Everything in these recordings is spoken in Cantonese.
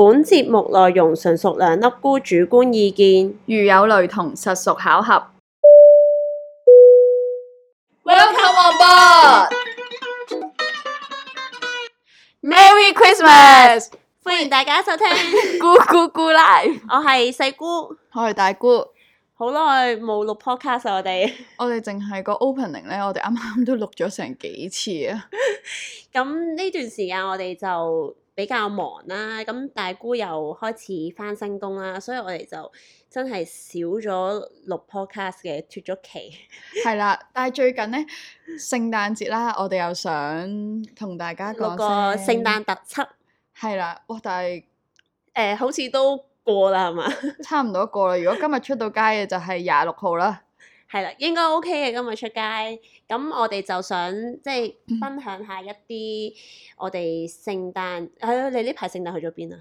本節目內容純屬兩粒菇主觀意見，如有雷同，實屬巧合。Welcome on board, Merry Christmas！歡迎大家收聽《 姑姑姑 live》。我係細姑，我係大姑。好耐冇錄 podcast，我哋我哋淨係個 opening 咧，我哋啱啱都錄咗成幾次啊！咁呢 段時間我哋就。比較忙啦，咁大姑又開始翻新工啦，所以我哋就真係少咗錄 podcast 嘅，脫咗期。係 啦，但係最近咧，聖誕節啦，我哋又想同大家講個聖誕特輯。係啦，哇！但係誒、欸，好似都過啦，係嘛？ 差唔多過啦，如果今日出到街嘅就係廿六號啦。係啦，應該 O K 嘅今日出街。咁我哋就想即係、就是、分享下一啲我哋聖誕，係咯、嗯啊？你呢排聖誕去咗邊啊？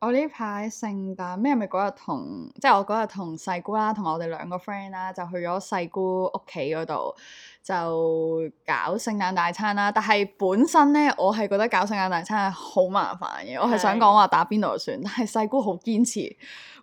我呢排聖誕咩？咪嗰日同即係、就是、我嗰日同細姑啦，同埋我哋兩個 friend 啦，就去咗細姑屋企嗰度就搞聖誕大餐啦。但係本身咧，我係覺得搞聖誕大餐係好麻煩嘅。的我係想講話打邊爐算，但係細姑好堅持。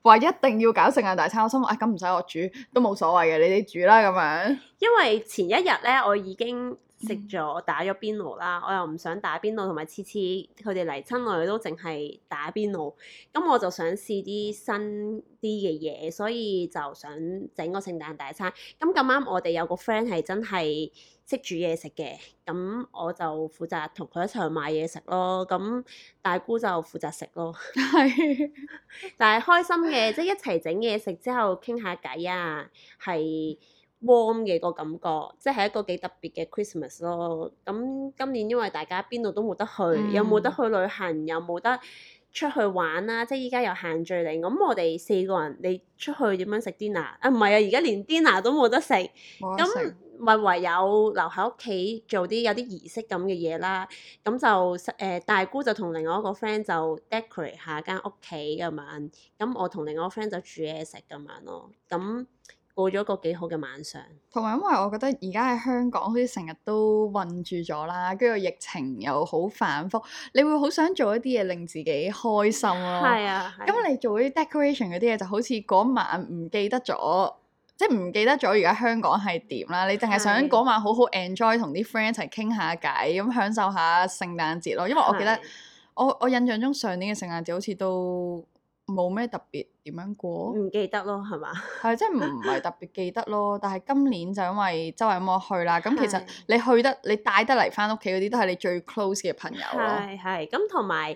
話一定要搞聖誕大餐，我心諗，啊咁唔使我煮都冇所謂嘅，你哋煮啦咁樣，因為前一日咧，我已經。食咗、嗯、打咗邊爐啦，我又唔想打邊爐，同埋次次佢哋嚟親我哋都淨係打邊爐，咁我就想試啲新啲嘅嘢，所以就想整個聖誕大餐。咁咁啱我哋有個 friend 係真係識煮嘢食嘅，咁我就負責同佢一齊去買嘢食咯，咁大姑就負責食咯。係， 但係開心嘅，即係一齊整嘢食之後傾下偈啊，係。warm 嘅個感覺，即係一個幾特別嘅 Christmas 咯。咁今年因為大家邊度都冇得去，嗯、又冇得去旅行，又冇得出去玩啦、啊。即係依家又限聚令，咁我哋四個人，你出去點樣食 dinner？啊，唔係啊，而家連 dinner 都冇得食。咁咪哇、嗯、唯有留喺屋企做啲有啲儀式咁嘅嘢啦。咁就誒、呃、大姑就同另外一個 friend 就 decorate 下間屋企咁樣，咁我同另外一個 friend 就煮嘢食咁樣咯。咁過咗個幾好嘅晚上，同埋因為我覺得而家喺香港好似成日都困住咗啦，跟住疫情又好反覆，你會好想做一啲嘢令自己開心咯。係啊，咁、啊啊、你做啲 decoration 嗰啲嘢就好似嗰晚唔記得咗，即係唔記得咗而家香港係點啦？你淨係想嗰晚好好 enjoy 同啲 friend 一齊傾下偈，咁、啊、享受下聖誕節咯。因為我記得、啊、我我印象中上年嘅聖誕節好似都冇咩特別。點樣過？唔記得咯，係嘛？係，即係唔係特別記得咯。 但係今年就因為周圍冇去啦。咁其實你去得，你帶得嚟翻屋企嗰啲，都係你最 close 嘅朋友咯。係咁，同埋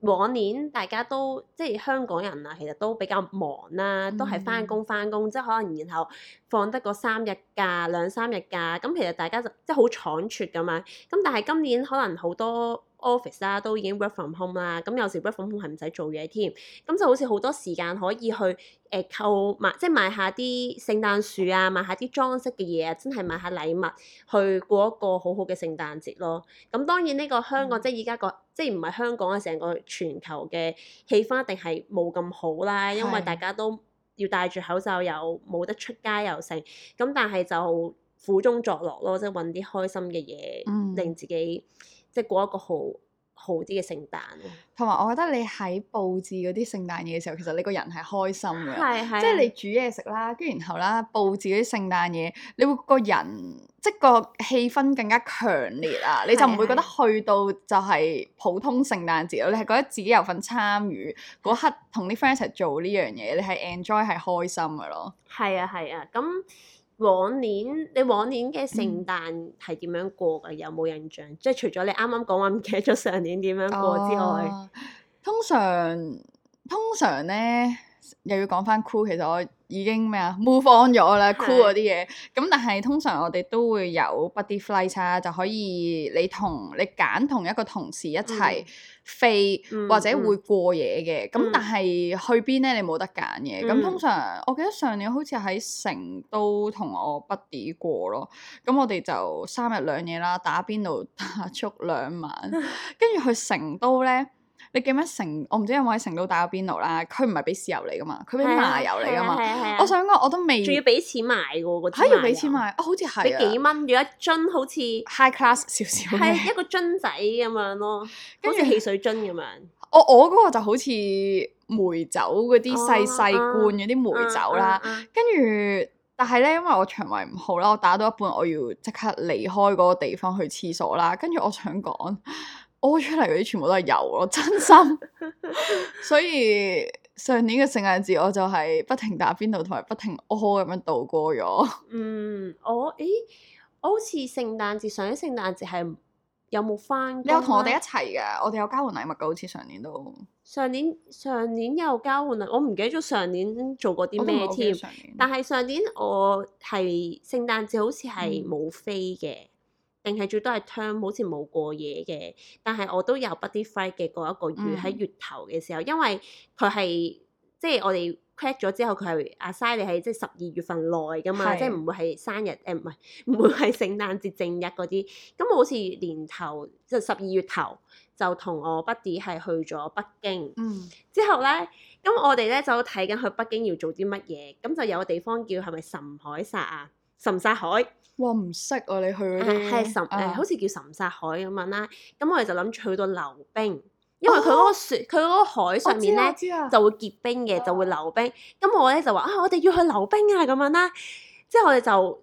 往年大家都即係香港人啊，其實都比較忙啦、啊，都係翻工翻工，嗯、即係可能然後放得個三日假、兩三日假。咁其實大家就即係好倉促咁樣。咁但係今年可能好多。office 啦、啊，都已經 work from home 啦，咁有時 work from home 係唔使做嘢添，咁就好似好多時間可以去誒購買，即係買下啲聖誕樹啊，買下啲裝飾嘅嘢，真係買下禮物去過一個好好嘅聖誕節咯。咁當然呢個香港、嗯、即係依家個即係唔係香港嘅成個全球嘅氣氛一定係冇咁好啦，是因為大家都要戴住口罩又冇得出街又成，咁但係就苦中作樂咯，即係揾啲開心嘅嘢、嗯、令自己。即係過一個好好啲嘅聖誕，同埋我覺得你喺佈置嗰啲聖誕嘢嘅時候，其實你個人係開心嘅，的即係你煮嘢食啦，跟住然後啦佈置嗰啲聖誕嘢，你會個人即係個氣氛更加強烈啊！你就唔會覺得去到就係普通聖誕節咯，的你係覺得自己有份參與嗰的刻同啲 friend 一齊做呢樣嘢，你係 enjoy 係開心嘅咯。係啊，係啊，咁。往年你往年嘅聖誕係點樣過㗎？嗯、有冇印象？即係除咗你啱啱講話唔記得咗上年點樣過之外，啊、通常通常咧又要講翻酷。其實我。已經咩啊，move on 咗啦，cool 嗰啲嘢。咁的但係通常我哋都會有 buddy flight、啊、就可以你同你揀同一個同事一齊飛，嗯、或者會過夜嘅。咁、嗯、但係去邊咧，你冇得揀嘅。咁、嗯、通常我記得上年好似喺成都同我 buddy 過咯。咁我哋就三日兩夜啦，打邊爐打足兩晚，跟住 去成都咧。你記唔記得成？我唔知有冇喺成都打個邊爐啦？佢唔係俾豉油嚟噶嘛，佢俾麻油嚟噶嘛。啊啊啊啊、我想講，我都未。仲要俾錢買㗎喎！嚇要俾錢買啊？好似係俾幾蚊？要一樽好似 high class 少少。係一,一個樽仔咁樣咯，跟住著汽水樽咁樣。我我嗰個就好似梅酒嗰啲細細罐嗰啲梅酒啦，啊啊啊啊啊、跟住但係咧，因為我腸胃唔好啦，我打到一半我要即刻離開嗰個地方去廁所啦，跟住我想講。屙出嚟嗰啲全部都係油咯，真心。 所以上年嘅聖誕節我就係不停打邊爐同埋不停屙咁樣度過咗。嗯，我咦，我好似聖誕節上一年聖誕節係有冇返、啊？你有同我哋一齊噶，我哋有交換禮物噶，好似上年都。上年上年，上年有交換啊！我唔記得咗上年做過啲咩添。但係上年我係聖誕節好似係冇飛嘅。嗯定係最多係 term 好似冇過嘢嘅，但係我都有 buddy fight 嘅過一個月喺、嗯、月頭嘅時候，因為佢係即係我哋 crack 咗之後，佢係阿曬你喺即係十二月份內噶嘛，是即係唔會係生日誒，唔係唔會係聖誕節正日嗰啲。咁、嗯、我好似年頭即係十二月頭就同我 buddy 係去咗北京，嗯、之後咧，咁我哋咧就睇緊去北京要做啲乜嘢，咁就有個地方叫係咪岑海殺啊？岑殺海，我唔識啊！你去嗰啲、啊啊呃、好似叫岑殺海咁樣啦。咁我哋就諗住去到溜冰，因為佢嗰、哦、個雪，佢嗰個海上面咧、哦、就會結冰嘅，就會溜冰。咁、哦嗯、我咧就話啊，我哋要去溜冰啊咁樣啦。之後我哋就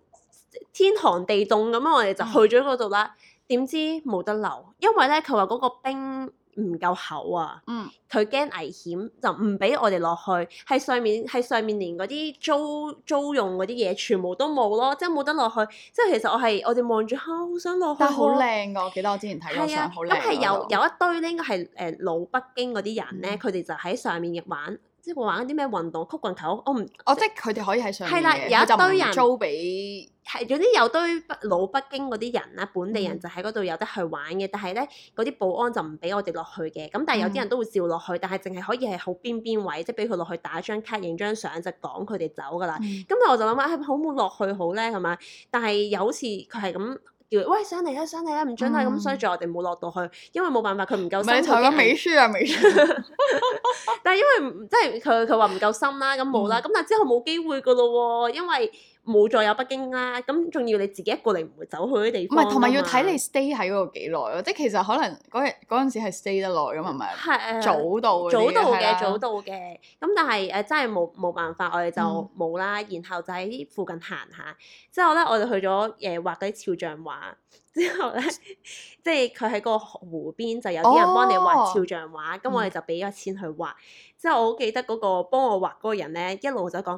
天寒地凍咁樣，我哋就去咗嗰度啦。點、哦、知冇得溜，因為咧佢話嗰個冰。唔夠厚啊！佢驚、嗯、危險就唔俾我哋落去，係上面係上面連嗰啲租租用嗰啲嘢全部都冇咯，即係冇得落去。即係其實我係我哋望住，好、啊、想落去、啊。但係好靚㗎，我記得我之前睇到相，好靚、啊。咁係有有一堆咧，應該係誒老北京嗰啲人咧，佢哋、嗯、就喺上面玩。即係玩啲咩運動，曲棍球，我唔，我即係佢哋可以喺上面嘅，佢就唔租俾。係，總之有一堆北老北京嗰啲人啦，本地人就喺嗰度有得去玩嘅，但係咧嗰啲保安就唔俾我哋落去嘅。咁但係有啲人都會照落去，但係淨係可以係好邊邊位，即係俾佢落去打張卡、影張相就趕佢哋走㗎啦。咁、嗯、我就諗啊、哎，好唔好落去好咧係嘛？但係有次佢係咁。喂，上嚟啦，啊，上嚟啦，啊，唔準睇咁，啊，嗯、所以仲我哋冇落到去，因為冇辦法佢唔夠上台都未輸啊，未輸、嗯。是但係因為即係佢佢話唔夠深啦，咁冇啦，咁，嗯、但係之後冇機會噶咯喎，因為。冇再有北京啦，咁仲要你自己一個嚟，唔會走去啲地方。唔係，同埋要睇你 stay 喺嗰度幾耐咯，即係其實可能嗰日嗰陣時係 stay 得耐咁，係咪？係係係。早到嘅，的早到嘅，咁的但係誒真係冇冇辦法，我哋就冇啦。嗯、然後就喺附近行下，之後咧我哋去咗誒畫嗰啲肖像畫，之後咧即係佢喺個湖邊就有啲人幫你畫肖像畫，咁、哦嗯、我哋就俾咗錢去畫。之後我好記得嗰個幫我畫嗰個人咧，一路就講。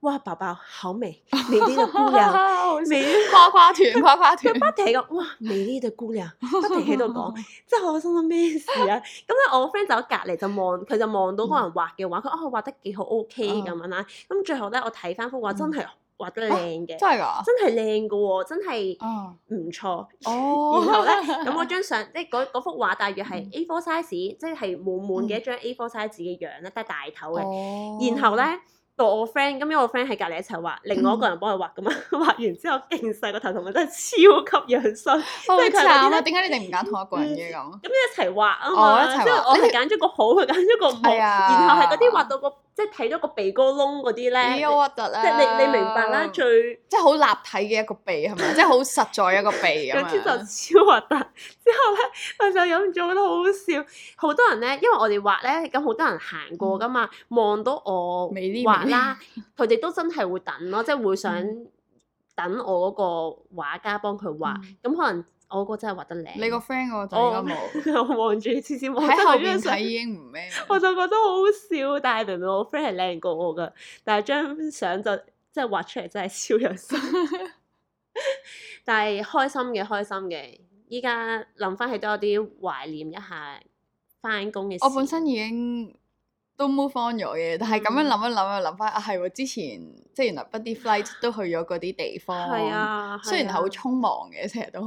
哇！爸爸好味美麗的姑娘，美花花團花花團，呱呱團不停喺度哇！美麗的姑娘，不停喺度講， 真係發生咗咩事啊？咁咧， 我 friend 就喺隔離就望，佢就望到嗰人畫嘅畫，佢啊畫得幾好，OK 咁樣啦。咁最後咧，我睇翻幅畫真係畫得靚嘅，真係靚㗎喎，真係唔錯。哦，然後咧，咁嗰張相即係嗰幅畫大約係 A four size，即係滿滿嘅一張 A four size 嘅樣咧，都係大頭嘅。哦，然後咧。到我 friend，咁因為我 friend 喺隔離一齊畫，另外一個人幫佢畫咁啊，樣畫完之後勁細個頭同埋真係超級樣衰。好慘啊！點解你哋唔揀同一個人嘅咁？咁、嗯、一齊畫啊嘛，即係、哦、我係揀咗個好，佢揀咗個唔好，啊、然後係嗰啲畫到個。即係睇到個鼻哥窿嗰啲咧，即係你你明白啦，最即係好立體嘅一個鼻係咪？是是 即係好實在一個鼻咁樣。嗰就超核突，之後咧我就有陣時覺得好好笑。好多人咧，因為我哋畫咧，咁好多人行過㗎嘛，望到、嗯、我畫啦，佢哋麗都真係會等咯，即係會想等我嗰個畫家幫佢畫。咁、嗯嗯、可能。我個真係畫得靚，你個 friend 我就應該冇 。我望住次次望，喺後邊睇已經唔咩。我就覺得好笑，但係明明我 friend 係靚過我㗎，但係張相就即係畫出嚟真係超有心。 但係開心嘅開心嘅，依家諗翻起都有啲懷念一下翻工嘅時。我本身已經都 move on 咗嘅，但係咁樣諗一諗又諗翻，係喎、嗯啊、之前即係原來 buddy flight 都去咗嗰啲地方， 雖然係好匆忙嘅成日都。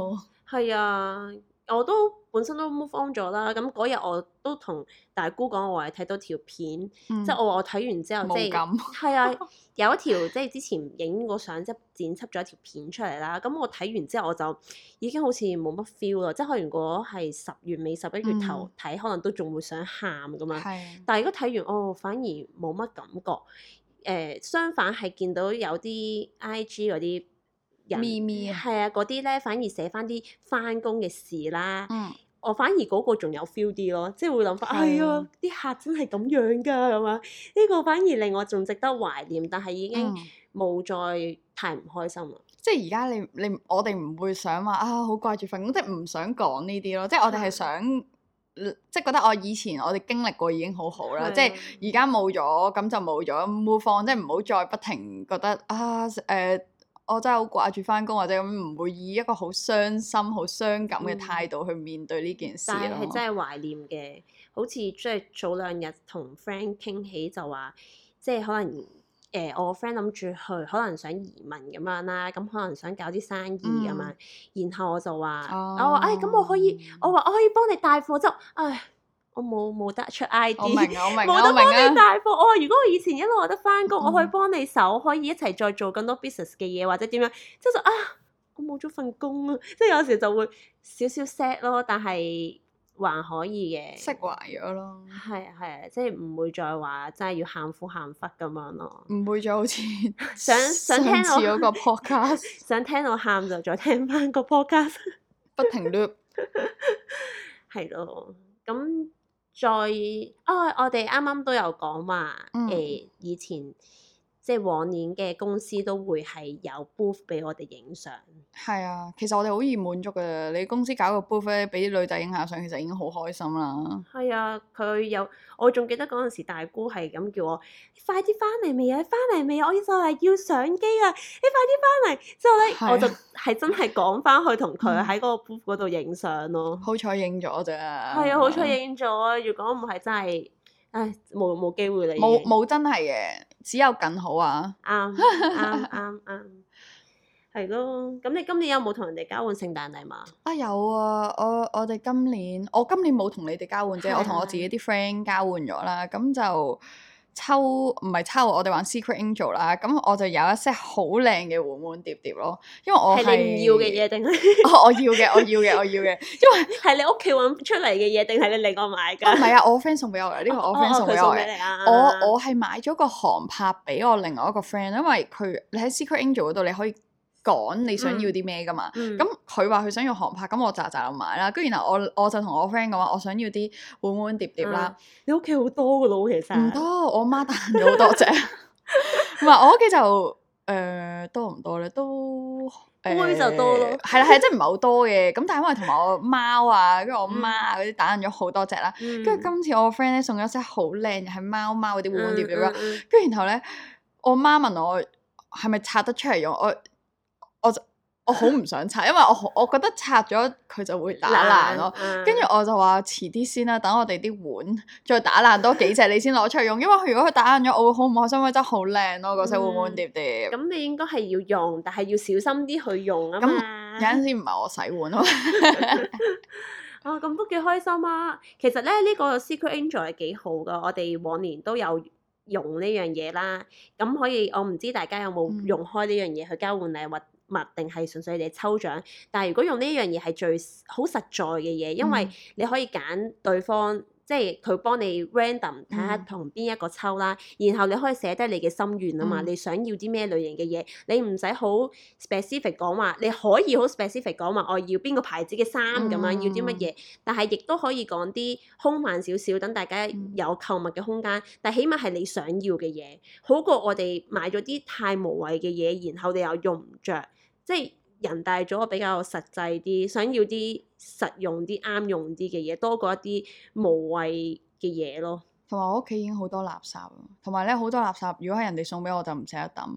係啊，我都本身都 move on 咗啦。咁嗰日我都同大姑講，我話睇到條片，即係、嗯、我話我睇完之後，冇即沒感。係啊， 有一條即係、就是、之前影個相，即係剪輯咗一條片出嚟啦。咁、嗯、 我睇完之後，我就已經好似冇乜 feel 啦。即、就、係、是、如果係十月尾十一月頭睇，嗯、可能都仲會想喊咁樣。係的。但係如果睇完，哦，反而冇乜感覺。誒、呃，相反係見到有啲 IG 嗰啲。咪咪，啊，係啊，嗰啲咧反而寫返啲返工嘅事啦。嗯、我反而嗰個仲有 feel 啲咯，即係會諗返係啊，啲的、哎、客真係咁樣㗎咁啊！呢、呢個反而令我仲值得懷念，但係已經冇、嗯、再太唔開心啦、啊。即係而家你你我哋唔會想話啊，好掛住份工，即係唔想講呢啲咯。即係我哋係想，的即係覺得我以前我哋經歷過已經好好啦的。即係而家冇咗，咁就冇咗 move on，即係唔好再不停覺得啊誒。呃呃我真係好掛住翻工，或者咁，唔會以一個好傷心、好傷感嘅態度去面對呢件事咯。但係、嗯、真係懷念嘅，好似即係早兩日同 friend 傾起就話，即、就、係、是、可能誒、呃，我 friend 諗住去，可能想移民咁樣啦，咁可能想搞啲生意咁樣。嗯、然後我就話，哦、我話哎，咁我可以，我話我可以幫你帶貨，就哎。我冇冇得出 ID，冇得幫你帶貨。我話、啊哦、如果我以前一路我得翻工，嗯、我可以幫你手，可以一齊再做更多 business 嘅嘢或者點樣，即係就啊，我冇咗份工，即係有時就會少少 sad 咯，但係還可以嘅。釋懷咗咯。係啊係啊，即係唔會再話真係要喊苦喊忽咁樣咯。唔會再好似想想聽到個 podcast，想聽我喊就再聽翻個 podcast，不停 loop。係 咯，咁。再，啊、哦！我哋啱啱都有講話，誒、嗯欸，以前。即係往年嘅公司都會係有 booth 俾我哋影相。係啊，其實我哋好易滿足噶。你公司搞個 booth 俾啲女仔影下相，其實已經好開心啦。係啊，佢有我仲記得嗰陣時，大姑係咁叫我快啲翻嚟未啊，翻嚟未啊！我依家要相機啊，你快啲翻嚟。之後咧，啊、我就係真係講翻去同佢喺嗰個 booth 嗰度影相咯。好彩影咗咋？係啊，好彩影咗啊！如果唔係真係，唉，冇冇機會啦。冇冇真係嘅。只有更好啊！啱啱啱啱，係囉。咁你今年有冇同人哋交換聖誕禮物啊？啊有啊！我我哋今年我今年冇同你哋交換啫， 我同我自己啲 friend 交換咗啦。咁、嗯啊、就。抽唔係抽，我哋玩 Secret Angel 啦，咁我就有一些好靚嘅碗碗碟碟咯。因為我係你唔要嘅嘢定咧？我要嘅，我要嘅，我要嘅。 因為係你屋企揾出嚟嘅嘢定係你另外買嘅？唔 係、哦、啊，我 friend 送俾我嘅呢、呢個我我、哦、我 friend 送俾我嘅。啊、我我係買咗個航拍俾我另外一個 friend，因為佢你喺 Secret Angel 嗰度你可以。講你想要啲咩噶嘛？咁佢話佢想要航拍，咁我扎扎就買啦。跟住然後我我就同我 friend 講話，我想要啲碗碗碟碟啦。啊、你屋企好多噶咯，其實唔多。我媽打咗好多隻。唔係 我屋企就誒、呃、多唔多咧？都誒、呃、就多咯。係啦係，即係唔係好多嘅？咁但係因為同埋我貓啊，跟住我媽啊嗰啲打爛咗好多隻啦。跟住、嗯、今次我 friend 咧送咗隻好靚嘅係貓貓嗰啲碗碗碟碟啦。跟住、嗯嗯嗯、然後咧，我媽問我係咪拆得出嚟用？我我好唔想拆，因為我我覺得拆咗佢就會打爛咯。跟住冷我就話遲啲先啦，等我哋啲碗再打爛多幾隻你先攞出嚟用。 因為如果佢打爛咗，我會好唔開心，因為真係好靚咯，嗰洗碗碗碟碟。咁、嗯、你應該係要用，但係要小心啲去用啊嘛。有陣時唔係我洗碗啊嘛。 啊，咁都幾開心啊！其實咧，呢、呢個 Secret Angel 係幾好噶，我哋往年都有用呢樣嘢啦。咁可以，我唔知大家有冇用開呢樣嘢去交換禮物，或、嗯？物定係純粹你抽獎，但係如果用呢一樣嘢係最好實在嘅嘢，因為你可以揀對方，即係佢幫你 random 睇下同邊一個抽啦。嗯、然後你可以寫低你嘅心願啊嘛，嗯、你想要啲咩類型嘅嘢，你唔使好 specific 講話，你可以好 specific 講話，我要邊個牌子嘅衫咁樣，要啲乜嘢。但係亦都可以講啲空泛少少，等大家有購物嘅空間。但起碼係你想要嘅嘢，好過我哋買咗啲太無謂嘅嘢，然後你又用唔着。即係人大咗，比較實際啲，想要啲實用啲、啱用啲嘅嘢，多過一啲無謂嘅嘢咯。同埋我屋企已經好多垃圾，同埋咧好多垃圾，如果係人哋送俾我就唔捨得抌，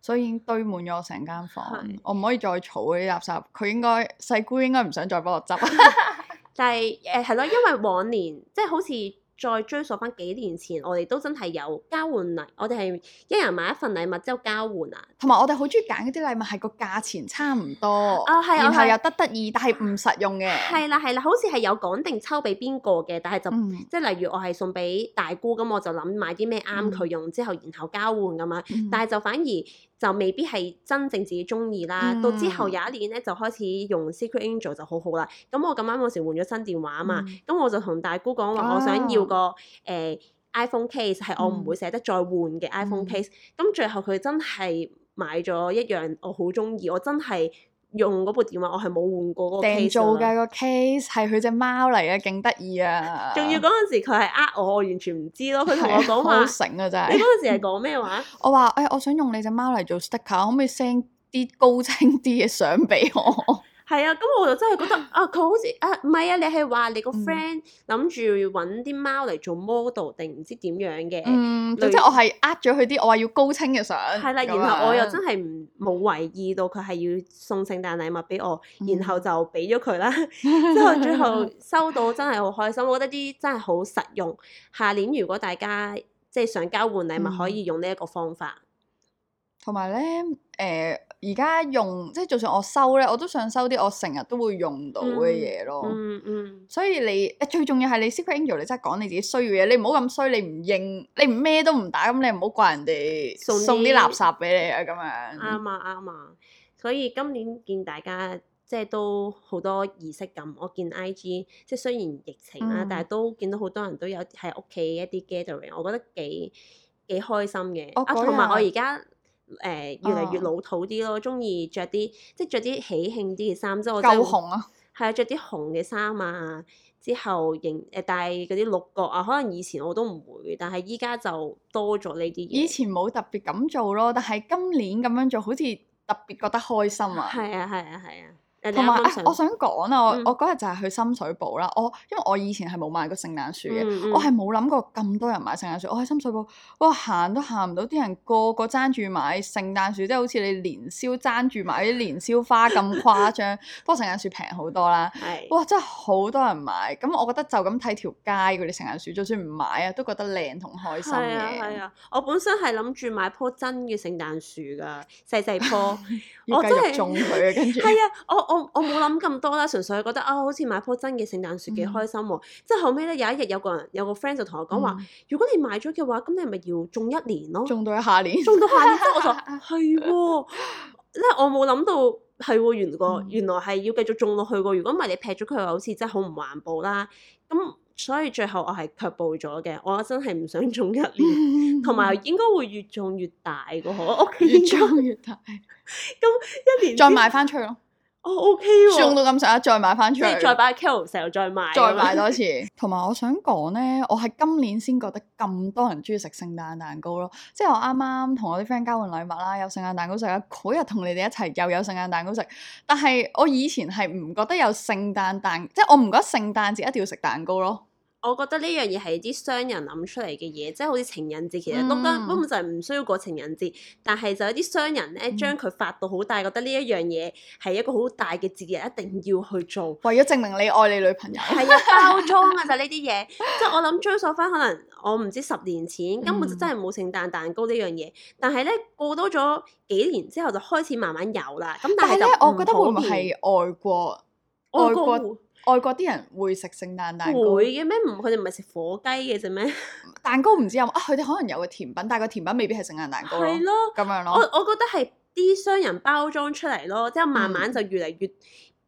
所以已經堆滿咗我成間房，嗯、我唔可以再儲呢啲垃圾。佢應該細姑應該唔想再幫我執。 但係誒係咯，因為往年即係 好似。再追溯翻幾年前，我哋都真係有交換禮，我哋係一人買一份禮物之後交換啊。同埋我哋好中意揀嗰啲禮物係個價錢差唔多，哦、然後又得得意，但係唔實用嘅。係啦係啦，好似係有講定抽俾邊個嘅，但係就即係例如我係送俾大姑，咁我就諗買啲咩啱佢用，嗯、之後，然後交換咁啊。嗯、但係就反而。就未必係真正自己中意啦，嗯、到之後有一年咧就開始用 Secret Angel 就好好啦。咁我咁啱嗰時換咗新電話啊嘛，咁、嗯、我就同大姑講話，我想要個誒、啊欸、iPhone case 係我唔會捨得再換嘅 iPhone case、嗯。咁、嗯、最後佢真係買咗一樣我好中意，我真係。用嗰部電話我係冇換過個定做嘅個 case 係佢隻貓嚟嘅，勁得意啊！仲要嗰陣時佢係呃我，我完全唔知咯。佢同我講話，啊、真係、你嗰陣時係講咩話？ 我話誒、欸，我想用你隻貓嚟做 sticker，可唔可以 send 啲高清啲嘅相俾我？ 係啊，咁我就真係覺得啊，佢好似啊唔係啊，你係話你個 friend 諗住揾啲貓嚟做 model 定唔知點樣嘅？嗯，總之類我係呃咗佢啲，我話要高清嘅相。係啦、啊，然後我又真係唔冇懷疑到佢係要送聖誕禮物俾我，嗯、然後就俾咗佢啦。之後、嗯、 最後收到真係好開心，我覺得啲真係好實用。下年如果大家即係想交換禮物，嗯、可以用呢一個方法。同埋咧，誒而家用即係，就算我收咧，我都想收啲我成日都會用到嘅嘢咯。嗯嗯。嗯嗯，所以你最重要係你 secret angel 你真係講你自己需要嘅嘢。你唔好咁衰，你唔應，你咩都唔打，咁你唔好怪人哋送送啲垃圾俾你啊！咁你樣啱啊，啱啊。所以今年見大家即係都好多儀式感，我見 I G 即係雖然疫情啦，嗯、但係都見到好多人都有喺屋企一啲 gathering，我覺得幾幾開心嘅。同埋、哦、我而家。誒、呃、越嚟越老土啲咯，中意着啲即係著啲喜慶啲嘅衫，即係我真係係啊，着啲、嗯、紅嘅衫啊，之後型誒戴嗰啲鹿角啊，可能以前我都唔會，但係依家就多咗呢啲。以前冇特別咁做咯，但係今年咁樣做好似特別覺得開心啊！係啊係啊係啊！同埋、啊、我想講啊、嗯，我嗰日就係去深水埗啦。我因為我以前係冇買過聖誕樹嘅，嗯嗯、我係冇諗過咁多人買聖誕樹。我喺深水埗，哇，行都行唔到，啲人個個爭住買聖誕樹，即係好似你年宵爭住買啲年宵花咁誇張。不過 聖誕樹平好多啦，是哇真係好多人買。咁我覺得就咁睇條街嗰啲聖誕樹，就算唔買啊，都覺得靚同開心嘅。係啊，啊，啊，我本身係諗住買棵真嘅聖誕樹㗎，細細棵， 繼續我真係種佢跟住。係啊，我。 我我冇諗咁多啦，純粹覺得啊、哦，好似買棵真嘅聖誕樹幾開心。嗯、即係後尾咧，有一日有個人有個 friend 就同我講話：嗯、如果你買咗嘅話，咁你咪要種一年咯，種到下年，種到下年。即係我話係咧，我冇諗到係喎， 原個原來係要繼續種落去個。如果唔係你劈咗佢，好似真係好唔環保啦。咁所以最後我係卻步咗嘅。我真係唔想種一年，同埋、嗯嗯、應該會越種越大個嗬。我越種越大，咁一年再買翻出去咯。我、oh, OK 喎，送到咁上下再買翻出嚟，再把 k e 成日再買，再買多次。同埋 我想講呢，我係今年先覺得咁多人中意食聖誕蛋糕咯。即係我啱啱同我啲 friend 交換禮物啦，有聖誕蛋糕食啦。嗰日同你哋一齊又有聖誕蛋糕食。但係我以前係唔覺得有聖誕蛋，即係我唔覺得聖誕節一定要食蛋糕咯。我覺得呢樣嘢係啲商人諗出嚟嘅嘢，即係好似情人節，其實根本根本就係唔需要過情人節，嗯、但係就有啲商人咧、嗯、將佢發到好大，覺得呢一樣嘢係一個好大嘅節日，一定要去做。為咗證明你愛你女朋友。係 啊，包裝啊就呢啲嘢， 即係我諗追溯翻，可能我唔知十年前根本就真係冇聖誕蛋，蛋糕呢樣嘢，但係咧過多咗幾年之後就開始慢慢有啦。咁但係咧，我覺得會唔係外國？外國。外國外國啲人會食聖誕蛋糕？會嘅咩？唔，佢哋唔係食火雞嘅啫咩？ 蛋糕唔知有啊，佢哋可能有個甜品，但係個甜品未必係聖誕蛋糕。係咯的，咁樣咯。我我覺得係啲商人包裝出嚟咯，之後慢慢就越嚟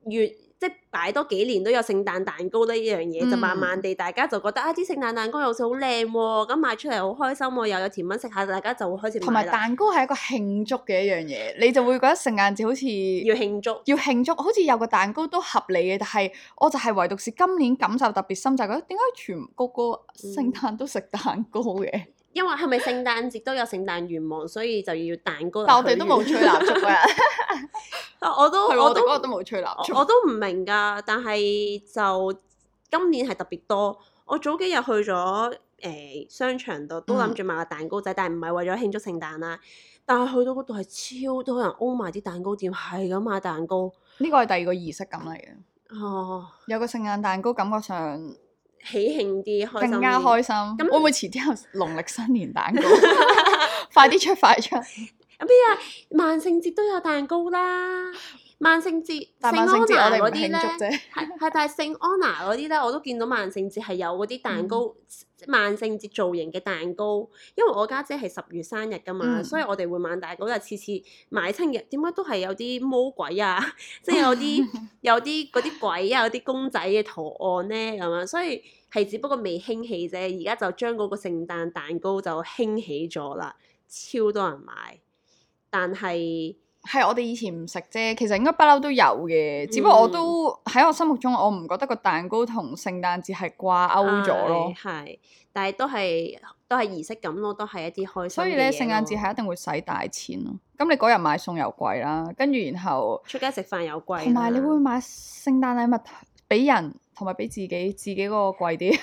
越越。嗯即係擺多幾年都有聖誕蛋糕呢一樣嘢，就慢慢地大家就覺得、嗯、啊，啲聖誕蛋糕又似好靚喎、哦，咁賣出嚟好開心喎、哦，又有，有甜品食下，大家就會開始買啦。同埋蛋糕係一個慶祝嘅一樣嘢，你就會覺得聖誕節好似要慶祝，要慶祝，好似有個蛋糕都合理嘅，但係我就係唯獨是今年感受特別深，就係覺得點解全個個聖誕都食蛋糕嘅？嗯因為係咪聖誕節都有聖誕願望，所以就要蛋糕，但我哋都冇吹蠟燭啊。我都係我都冇吹蠟燭。我都唔明㗎，但係就今年係特別多。我早幾日去咗誒、欸、商場度，都諗住買個蛋糕仔，嗯、但係唔係為咗慶祝聖誕啦。但係去到嗰度係超多人 O 埋啲蛋糕店，係咁買蛋糕。呢個係第二個儀式感嚟嘅。哦，oh, 有個聖誕蛋糕，感覺上。喜慶啲，更加開心。噉會唔會遲啲有農曆新年蛋糕？ 快啲出，快出！乜呀、啊？萬聖節都有蛋糕啦～萬聖節、聖，節聖安娜嗰啲咧，係係， 但係聖安娜啲咧，我都見到萬聖節係有嗰啲蛋糕，嗯、萬聖節造型嘅蛋糕。因為我家姐係十月生日㗎嘛，嗯、所以我哋會買蛋糕，就次次買親嘅。點解都係有啲魔鬼啊，即 係有啲有啲嗰啲鬼啊，嗰啲公仔嘅圖案咧咁樣， 所以係只不過未興起啫。而家就將嗰個聖誕蛋，蛋糕就興起咗啦，超多人買，但係。係我哋以前唔食啫，其實應該不嬲都有嘅，嗯、只不過我都喺我心目中，我唔覺得個蛋糕同聖誕節係掛鈎咗咯。係，但係都係都係儀式感咯，都係一啲開心。所以咧，聖誕節係一定會使大錢咯。咁你嗰日買餸又貴啦，跟住然後出街食飯又貴，同埋你會買聖誕禮物俾人同埋俾自己，自己嗰個貴啲，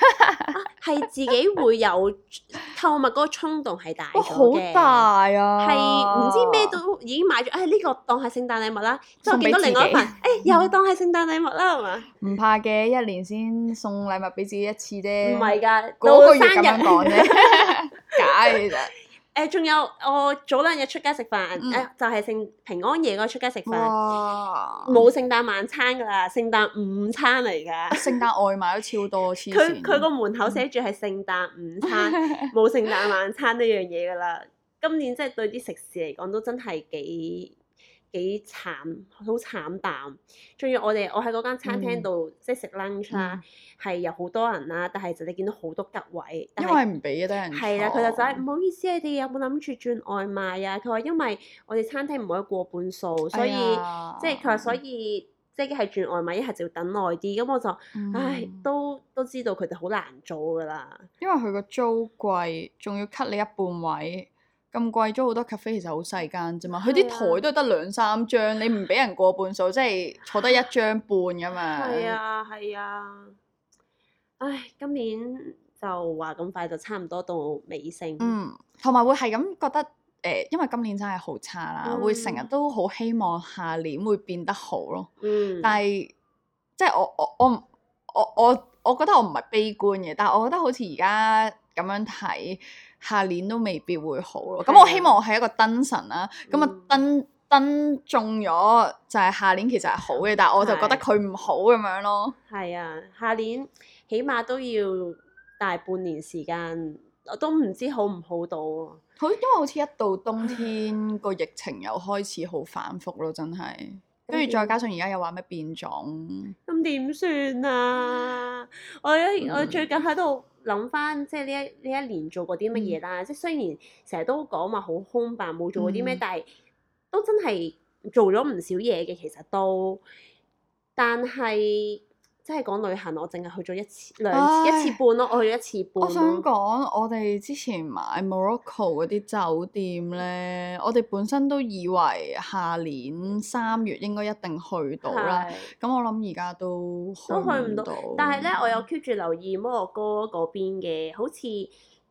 係、 啊、自己會有。 購物嗰個衝動係大咗嘅，係唔、哦啊、知咩都已經買咗，哎呢、呢個當係聖誕禮物啦，之後見到另外一份，哎又當係聖誕禮物啦，係嘛、嗯？唔嗎怕嘅，一年先送禮物俾自己一次啫，唔係㗎，個到生日咁講啫， 假嘅啫。誒仲、哎、有我早兩日出街食飯，誒、嗯哎、就係、是、聖平安夜嗰日出街食飯，冇哇聖誕晚餐㗎啦，聖誕午餐嚟㗎。聖誕外賣都超多黐線，佢，佢個門口寫住係聖誕午餐，冇、嗯、 聖誕晚餐呢樣嘢㗎啦。今年即係對啲食肆嚟講都真係幾～幾慘，好慘淡。仲要我哋，我喺嗰間餐廳度、嗯、即係食 lunch 啦，係、嗯、有好多人啦，但係就你見到好多吉位。因為唔俾啊，啲人。係啦，佢就就係唔好意思啊，你有冇諗住轉外賣啊？佢話因為我哋餐廳唔可以過半數，所以、哎、呀即係佢話所以、嗯、即係一係轉外賣，一係就要等耐啲。咁我就唉，都都知道佢哋好難做噶啦。因為佢個租貴，仲要 cut 你一半位。咁貴咗好多 cafe，其實好細間啫嘛，佢啲、啊、台都得兩三張， 你唔俾人過半數，即係坐得一張半㗎嘛。係啊，係啊。唉，今年就話咁快就差唔多到尾聲。嗯，同埋會係咁覺得，誒、呃，因為今年真係好差啦，嗯、會成日都好希望下年會變得好咯。嗯。但係，即係我我我我我，我覺得我唔係悲觀嘅，但係我覺得好似而家咁樣睇。下年都未必會好咯，咁、啊、我希望我係一個燈神啦、啊，咁啊、嗯、燈燈中咗就係、是、下年其實係好嘅，嗯、但係我就覺得佢唔好咁樣咯。係啊，下年起碼都要大半年時間，我都唔知好唔好到喎、哦。好，因為好似一到冬天個唉疫情又開始好反覆咯，真係。跟住、嗯、再加上而家又話咩變種，咁點算啊？我我最近喺度。嗯諗翻即係呢一呢一年做過啲乜嘢啦？即係、嗯、雖然成日都講話好空白，冇做過啲咩，嗯、但係都真係做咗唔少嘢嘅，其實都，但係。即係講旅行，我淨係去咗一次兩次一次半咯，我去咗一次半。我，半我想講，我哋之前買摩洛哥嗰啲酒店咧，我哋本身都以為下年三月應該一定去到啦。咁的我諗而家都都去唔到。但係咧，我有 keep 住留意摩洛哥嗰邊嘅，好似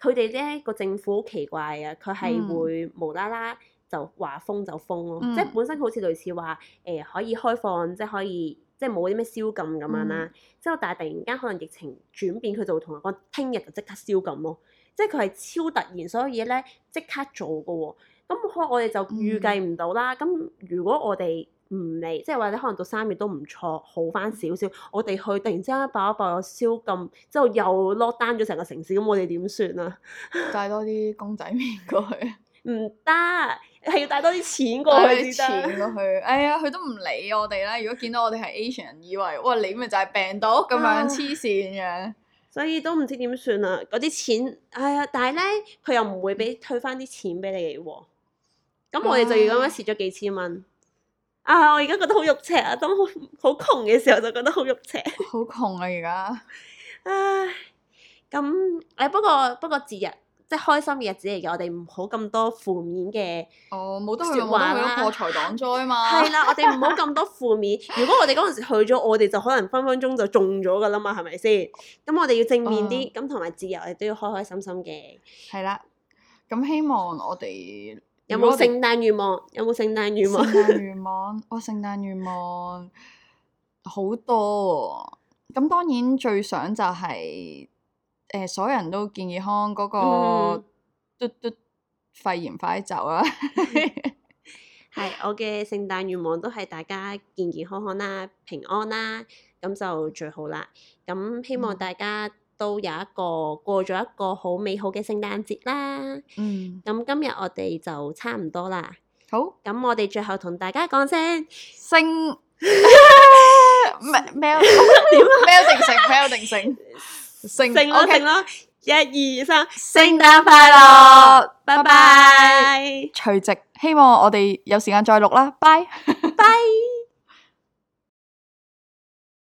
佢哋咧個政府好奇怪啊！佢係會無啦啦就話封就封咯、啊，嗯、即係本身好似類似話誒、呃、可以開放，即係可以。即係冇啲咩宵禁咁樣啦，之後、嗯、但係突然間可能疫情轉變，佢就會同我講聽日就即刻宵禁咯。即係佢係超突然，所以咧即刻做㗎喎。咁我我哋就預計唔到啦。咁、嗯、如果我哋唔嚟，即係或者可能到三月都唔錯，好返少少，嗯、我哋去突然之間爆一爆又宵禁，之後又 lock down 咗成個城市，咁我哋點算啊？ 帶多啲公仔麵過去。嗯， 唔得。係要帶多啲錢過去，啲錢、啊、過去。哎呀，佢都唔理我哋啦。如果見到我哋係 Asian，以為哇你咪就係病毒咁樣，黐線嘅！啊所以都唔知點算啊。嗰啲錢，哎呀！但係咧，佢又唔會俾退翻啲錢俾你喎。咁我哋就要咁樣蝕咗幾千蚊。喂啊！我而家覺得好肉赤啊，當好好窮嘅時候就覺得好肉赤。好窮啊！而家。唉、啊。咁誒、哎？不過不過節日。即係開心嘅日子嚟嘅，我哋唔好咁多負面嘅。哦，冇得去玩啦！破財擋災嘛。係啦， 我哋唔好咁多負面。 如果我哋嗰陣時去咗，我哋就可能分分鐘就中咗㗎啦嘛，係咪先？咁我哋要正面啲，咁同埋自由，亦都要開開心心嘅。係啦。咁希望我哋有冇聖誕願望？有冇聖誕願望？聖誕願望、哦？聖誕願望，我聖誕願望好多喎、哦。咁當然最想就係、是、～誒，所有人都健健康康，嗰個都都肺炎快走啊。係，我嘅聖誕願望都係大家健健康康啦、平安啦，咁就最好啦。咁希望大家都有一個過咗一個好美好嘅聖誕節啦。嗯。咁今日我哋就差唔多啦。好。咁我哋最後同大家講聲聖。咩咩？點啊？咩定性？咩定性？成咯，一二三，聖誕快樂！拜拜，拜拜。除夕，希望我哋有時間再錄啦，拜。